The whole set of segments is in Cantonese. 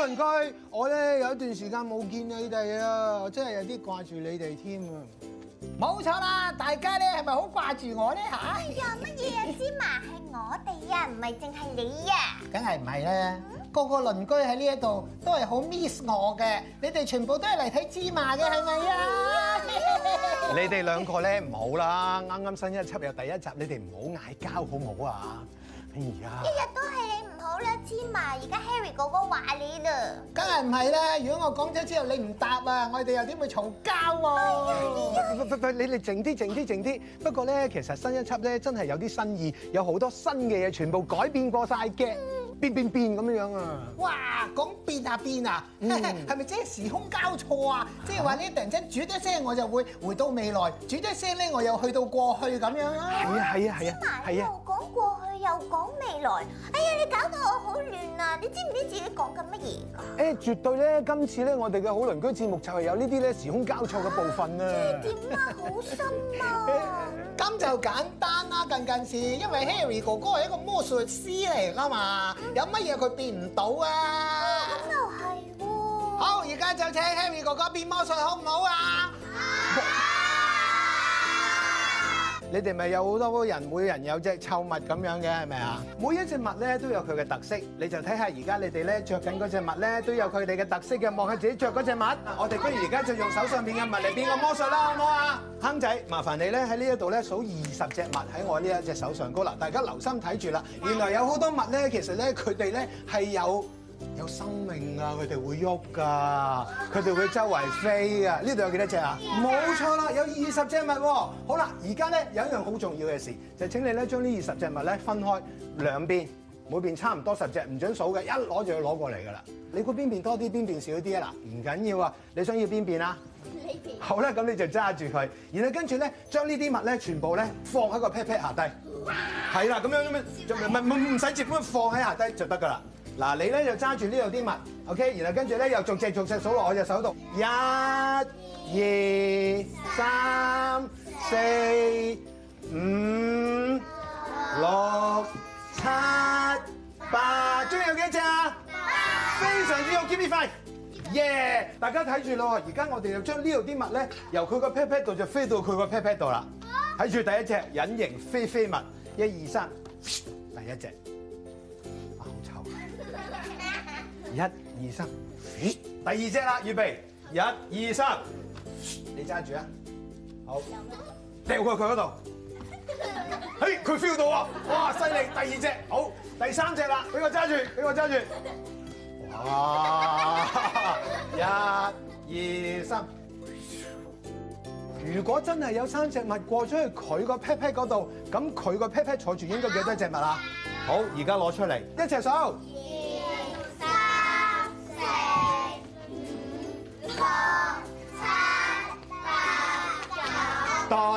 鄰居，我咧有一段時間冇見你哋啦，我真係有啲掛住你哋添啊！冇錯啦，大家咧係咪好掛住我咧？吓，哎呀，乜嘢啊？芝麻係我哋啊，唔係淨係你啊！梗係唔係咧，個個鄰居喺呢一度都係好 miss 我嘅，你哋全部都係嚟睇芝麻嘅，係咪啊？你哋兩個咧唔好啦，啱啱新一輯有第一集，你哋唔好嗌交好唔好啊？哎呀，一日都係。兩千嘛，而家 Harry 哥哥話你啦，梗係唔係啦。如果我講咗之後你唔答啊，我哋又點會嘈交啊？你哋靜啲，靜啲，靜啲。不過咧，其實新一輯咧真係有啲新意，有好多新嘅嘢，全部改變過晒嘅，嗯、變變變咁樣啊！哇，講變啊變啊，係咪即係時空交錯啊？即係話呢，突然間煮多聲，我就會回到未來；煮多聲咧，我又去到過去咁樣啦。係啊係啊係啊係啊。哎呀，你搞到我好亂啊！你知唔知自己講緊乜嘢㗎？誒，絕對咧，今次咧我哋嘅好鄰居節目就係有呢啲咧時空交錯嘅部分啊，啊。點啊，啊，好深啊！咁 就簡單啦，近近似，因為 Harry 哥哥係一個魔術師嚟啦嘛，嗯、有乜嘢佢變唔到啊？咁又係喎。啊、好，而家就請 Harry 哥哥變魔術好好，好唔好啊？啊！你哋咪有好多個人，每人有隻臭襪咁樣嘅，係咪啊？每一隻襪咧都有佢嘅特色，你就睇下而家你哋咧着緊嗰隻襪咧都有佢哋嘅特色嘅。望下自己着嗰隻襪，我哋不如而家就用手上面嘅襪嚟變個魔術啦，好唔好啊？坑仔，麻煩你咧喺呢一度咧數二十隻襪喺我呢一隻手上高啦，大家留心睇住啦。原來有好多襪咧，其實咧佢哋咧係有，有生命啊！佢哋會喐噶，佢哋會周圍飛啊！呢度有幾多隻啊？冇錯啦，有二十隻物喎。好啦，而家咧有一樣好重要嘅事，就請你咧將呢二十隻物咧分開兩邊，每邊差唔多十隻，唔準數嘅，一攞就要攞過嚟噶啦。你估邊邊多啲，邊邊少啲啊？嗱，唔緊要啊，你想要邊邊啊？呢邊。好啦，咁你就揸住佢，然後跟住咧將呢啲物咧全部咧放喺個 pat pat 下低，係啦，咁樣咁樣，唔唔唔使接，咁放喺下低就得噶啦。嗱，你咧就揸住呢度啲襪，OK，然後跟住咧又逐隻逐隻數落我隻手度，一、二、三、四、五、六、七、八，總共有幾隻？非常之好，Give me five，耶！Yeah，大家睇住咯，而家我哋就將呢度啲襪咧，由佢個 pat pat 度就飛到佢個 pat pat 度啦。睇住第一隻隱形飛飛襪，一、二、三，第一隻。一二三，咦，第二隻啦，預備，一、二、三，好三你揸住啊，好，掉過去佢嗰度，嘿，佢、欸、feel 到啊！哇，犀利，第二隻，好，第三隻啦，俾我揸住，俾我揸住，哇，一二三，如果真係有三隻襪過咗去佢個 pat pat 嗰度，咁佢個 pat pat 坐住應該幾多隻襪啊？好，而家攞出嚟，一隻手。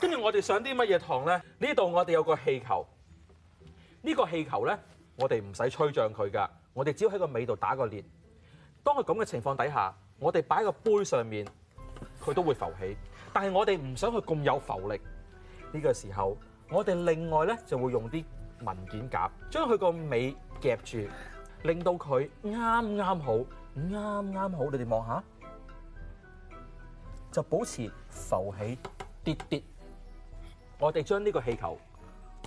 跟住我哋上啲乜嘢堂呢？呢度我哋有個氣球，呢個氣球呢，我哋唔使吹脹佢㗎，我哋只要喺個尾度打個結。當佢咁嘅情況底下，我哋擺個杯上面，佢都會浮起。但係我哋唔想佢咁有浮力，呢個時候我哋另外呢就會用啲文件夾將佢個尾夾住，令到佢啱啱好，啱啱好。你哋望下，就保持浮起。跌跌，我哋將呢個氣球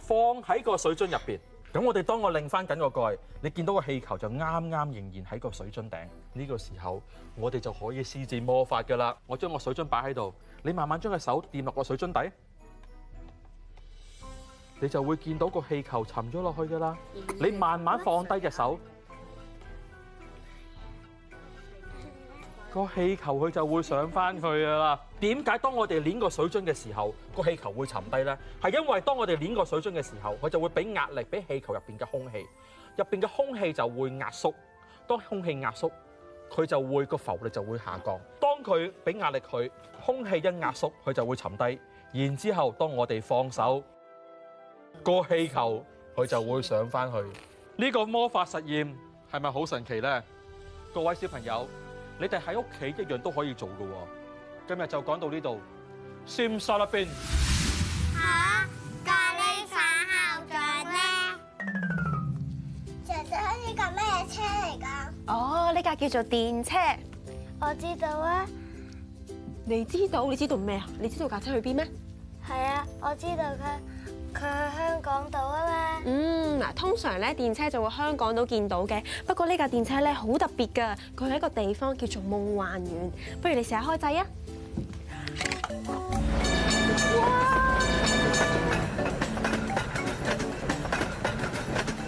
放喺個水樽入邊。咁我哋當我擰翻緊個蓋，你見到個氣球就啱啱仍然喺個水樽頂。呢、這個時候，我哋就可以施展魔法㗎啦！我將個水樽擺喺度，你慢慢將個手墊落個水樽底，你就會見到個氣球沉咗落去㗎啦。你慢慢放低隻手，個氣球佢就會上翻去㗎啦。點解當我哋捏個水樽嘅時候，個氣球會沉低呢？係因為當我哋捏個水樽嘅時候，佢就會俾壓力俾氣球入邊嘅空氣，入邊嘅空氣就會壓縮。當空氣壓縮，佢就會個浮力就會下降。當佢俾壓力佢空氣一壓縮，佢就會沉低。然之後，當我哋放手個氣球，佢就會上返去。呢個魔法實驗係咪好神奇呢？各位小朋友，你哋喺屋企一樣都可以做㗎。今日就講到這裡、啊、呢度。Sam 沙粒邊？嚇！咖哩橙校長咧？姐姐開呢架咩車嚟㗎？哦，呢架叫做電車。我知道啊，你知道。你知道你知道咩啊？你知道架車去邊咩？係啊，我知道佢，佢去香港島啊嘛。嗯，嗱，通常咧電車就會在香港島見到嘅。不過呢架電車咧好特別㗎，佢喺一個地方叫做夢幻園。不如你成日開掣啊！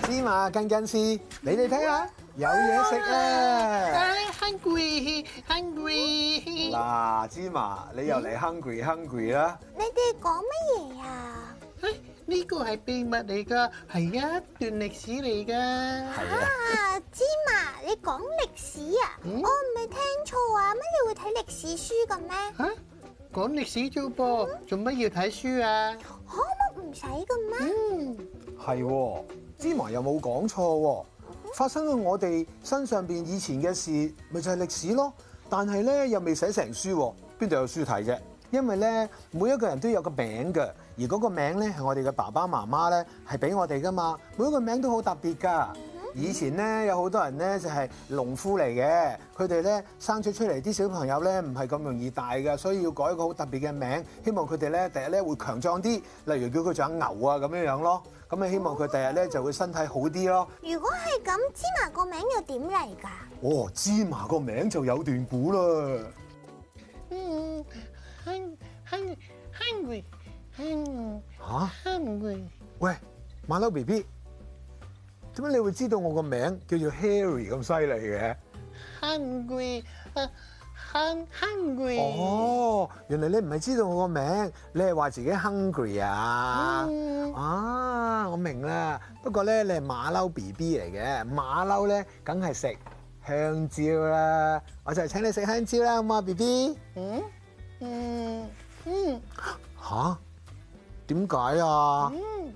芝麻更緊事，你哋睇下有嘢食啦。hungry hungry 嗱，芝麻你又嚟 hungry hungry 啦。你哋講乜嘢啊？哎，呢個係秘密嚟噶，係一段歷史嚟噶。啊，芝麻你講歷史啊？我唔係聽錯啊？乜你會睇歷史書噶咩？講歷史啫噃，做乜要睇書啊？可唔可唔使噶嘛？嗯，係喎，芝麻又冇講錯喎。發生喺我哋身上邊以前嘅事，咪就係歷史咯。但係咧又未寫成書，邊度有書睇啫？因為咧，每一個人都有個名嘅，而嗰個名咧係我哋嘅爸爸媽媽咧係俾我哋噶嘛，每一個名都好特別㗎。以前咧有好多人咧就係農夫嚟嘅，佢哋咧生咗出嚟啲小朋友咧唔係咁容易大嘅，所以要改一個好特別嘅名，希望佢哋咧第日咧會強壯啲。例如叫佢做牛啊咁樣樣咯，咁啊希望佢第日咧就會身體好啲咯。如果係咁，芝麻個名又點嚟㗎？哦，芝麻個名就有段故啦。嗯，hung hung hungry hungry 啊？hungry 喂，慢啲，B B。點解你會知道我個名叫做 Harry 咁犀利嘅？Hungry，hung hungry。哦，原來你唔係知道我個名，你係話自己 hungry 啊？Mm. 啊，我明啦。不過咧，你係馬騮 B B 嚟嘅，馬騮咧梗係食香蕉啦。我就係請你食香蕉啦，好唔好，B B？嗯嗯嗯。吓？點解、mm. mm. 啊？點解 mm.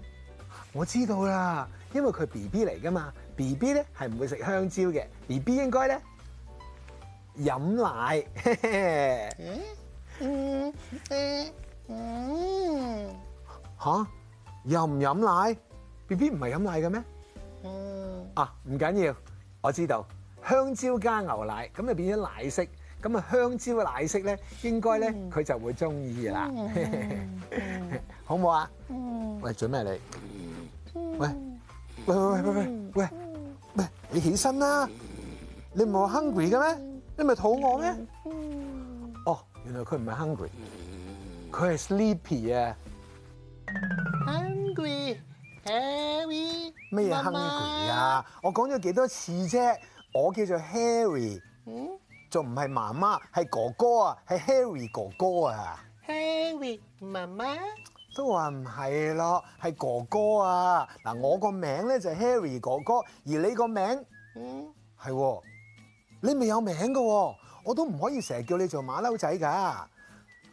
我知道啦。因為佢 B B 嚟噶嘛，B B 咧係唔會食香蕉嘅，B B 應該咧飲奶。嚇？又唔飲奶？B B 唔係飲奶嘅咩？啊，唔緊要，我知道香蕉加牛奶咁就變咗奶色，咁啊香蕉嘅奶色咧應該咧佢就會中意啦，好唔好啊？喂，做咩你？喂。喂喂喂喂喂喂，嗯、喂！你起身啦，你唔係話 hungry 嘅咩？你咪肚餓咩？嗯、哦，原來佢唔係 hungry，佢係 sleepy 啊。Hungry，Harry，咩叫 hungry 啊？Mama？我講咗幾多次啫？我叫做 Harry，仲唔係媽媽，係哥哥啊，係 Harry 哥哥啊。Harry，媽媽。都話唔係咯，係哥哥啊！嗱，我個名咧就係 Harry 哥哥，而你個名，嗯，係，你未有名噶，我都唔可以成日叫你做馬騮仔噶。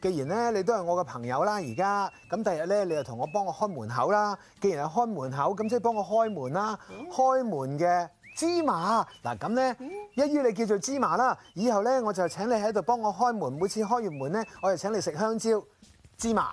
既然咧你都係我嘅朋友啦，而家咁第日咧你又同我幫我開門口啦。既然係開門口，咁即係幫我開門啦，開門嘅芝麻，嗱，咁咧一於你叫做芝麻啦。以後咧我就請你喺度幫我開門，每次開完門咧，我就請你食香蕉，芝麻。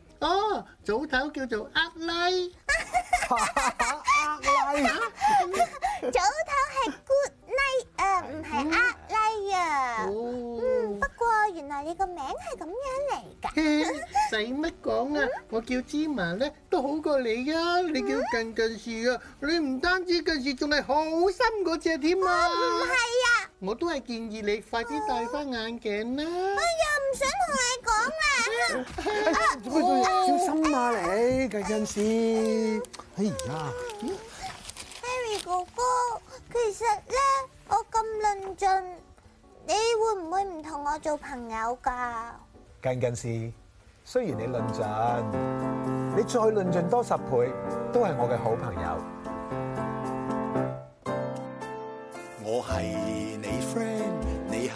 哦，早唞叫做厄麗，吓，厄麗，早唞係 good night 啊，唔係厄麗啊。哦，嗯，不過原來你個名係咁樣嚟噶。使乜講啊？我叫芝麻咧，都好過你啊！你叫近近視啊，你唔單止近視，仲係好深嗰隻添啊。唔係啊，我都係建議你快啲戴翻眼鏡啦。哎，做咩做？小心啊！你近近事。哎呀，Harry 哥哥，其實咧，我咁論盡，你會唔會唔同我做朋友噶？近近事，雖然你論盡，你再論盡多十倍，都係我嘅好朋友。我係你 friend。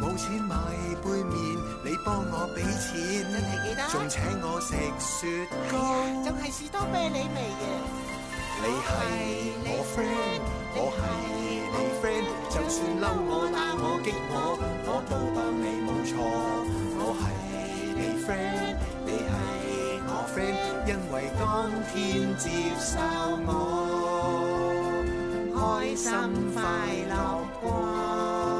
冇錢買杯麵，你幫我俾錢，仲請我食雪糕，仲係哎、士多啤梨味嘅。你係我 friend，我係你 friend，就算嬲我、打我、激我，我都當你冇錯。我係你 friend，你係我 friend，因為當天接受我，開心快樂啩。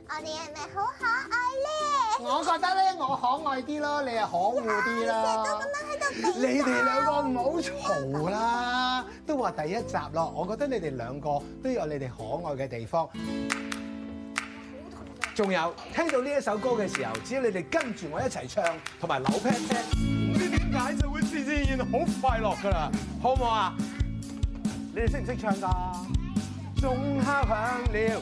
我哋係咪好可愛咧？我覺得咧，我可愛啲咯，你又可惡啲咯、啊。你哋兩個唔好嘈啦。都話第一集咯，我覺得你哋兩個都有你哋可愛嘅地方。仲有，聽到呢一首歌嘅時候，只要你哋跟住我一齊唱同埋扭 pat pat 唔知點解就會自自然好快樂噶啦，好唔好啊？你哋識唔識唱㗎？鐘敲響了。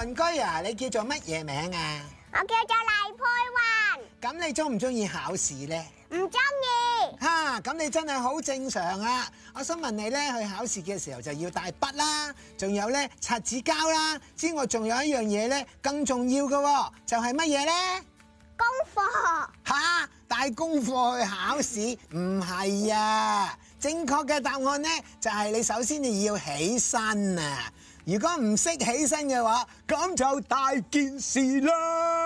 鄰居啊，你叫做乜嘢名啊？我叫做黎佩雲。咁你中唔中意考試咧？唔中意。吓，咁你真係好正常啊！我想問你咧，去考試嘅時候就要帶筆啦，仲有咧擦紙膠啦，之外仲有一樣嘢咧，更重要嘅就係乜嘢咧？功課。吓，帶功課去考試唔係啊？正確嘅答案咧，就係你首先你要起身啊！如果唔識起身嘅話，咁就大件事啦！